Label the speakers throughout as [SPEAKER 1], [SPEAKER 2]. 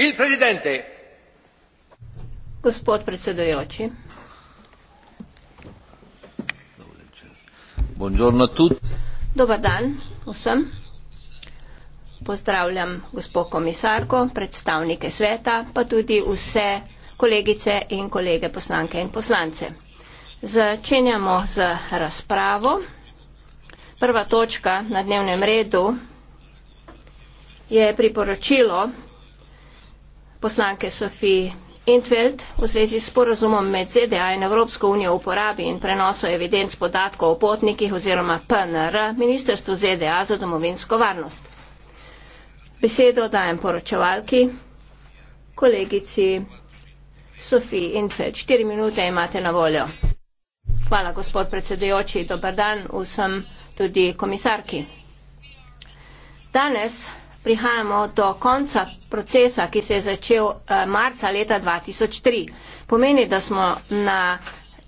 [SPEAKER 1] Il presidente.
[SPEAKER 2] Gospod predsedujoči.
[SPEAKER 1] Buongiorno a tutti.
[SPEAKER 2] Dobar dan vsem. Pozdravljam gospod komisarko, predstavnike sveta, pa tudi vse kolegice in kolege poslanke in poslance. Začenjamo z razpravo. Prva točka na dnevnem redu je priporočilo poslanke Sofiji Intveld v zvezi s porazumom med ZDA in Evropsko unijo o uporabi in prenosu evidenc podatkov o potnikih oziroma PNR, Ministrstvo ZDA za domovinsko varnost. Besedo dajem poročevalki, kolegici Sofiji Intveld. Štiri minute imate na voljo. Hvala, gospod predsedujoči. Dobar dan vsem tudi komisarki. Danes prihajamo do konca procesa, ki se je začel eh, marca leta 2003. Pomeni, da smo na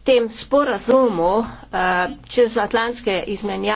[SPEAKER 2] tem sporazumu eh, čez atlantske izmenja,